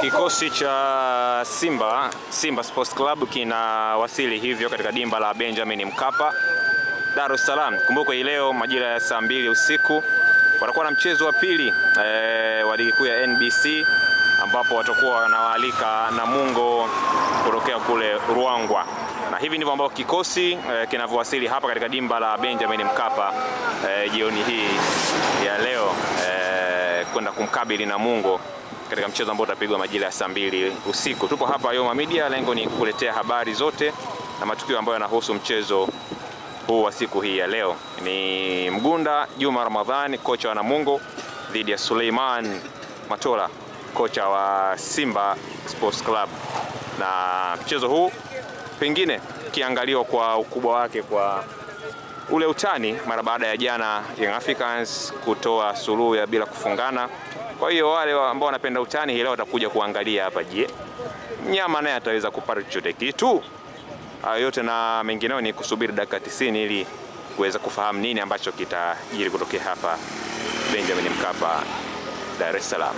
Kikosi cha Simba, Simba Sports Club kinawasili hivyo katika dimba la Benjamin Mkapa, Dar es Salaam. Kumbuka leo majira ya saa mbili usiku watakuwa na mchezo wa pili e, wa ligi kuu ya NBC ambapo watakuwa wanawaalika Namungo kutokea kule Ruangwa na hivi ndivyo ambavyo kikosi e, kinavyowasili hapa katika dimba la Benjamin Mkapa e, jioni hii ya leo e, kwenda kumkabili Namungo katika mchezo ambao utapigwa majira ya saa mbili usiku. Tupo hapa Yoma Media, lengo ni kukuletea habari zote na matukio ambayo yanahusu mchezo huu wa siku hii ya leo. Ni Mgunda Juma Ramadhani, kocha wa Namungo dhidi ya Suleiman Matola, kocha wa Simba Sports Club, na mchezo huu pengine ukiangaliwa kwa ukubwa wake kwa ule utani mara baada ya jana Young Africans kutoa suluhu ya bila kufungana kwa hiyo wale ambao wanapenda utani hii leo watakuja kuangalia hapa, je, mnyama naye ataweza kupata chochote kitu? Hayo yote na mengineo ni kusubiri dakika 90 ili kuweza kufahamu nini ambacho kitajiri kutokea hapa Benjamin Mkapa, Dar es Salaam.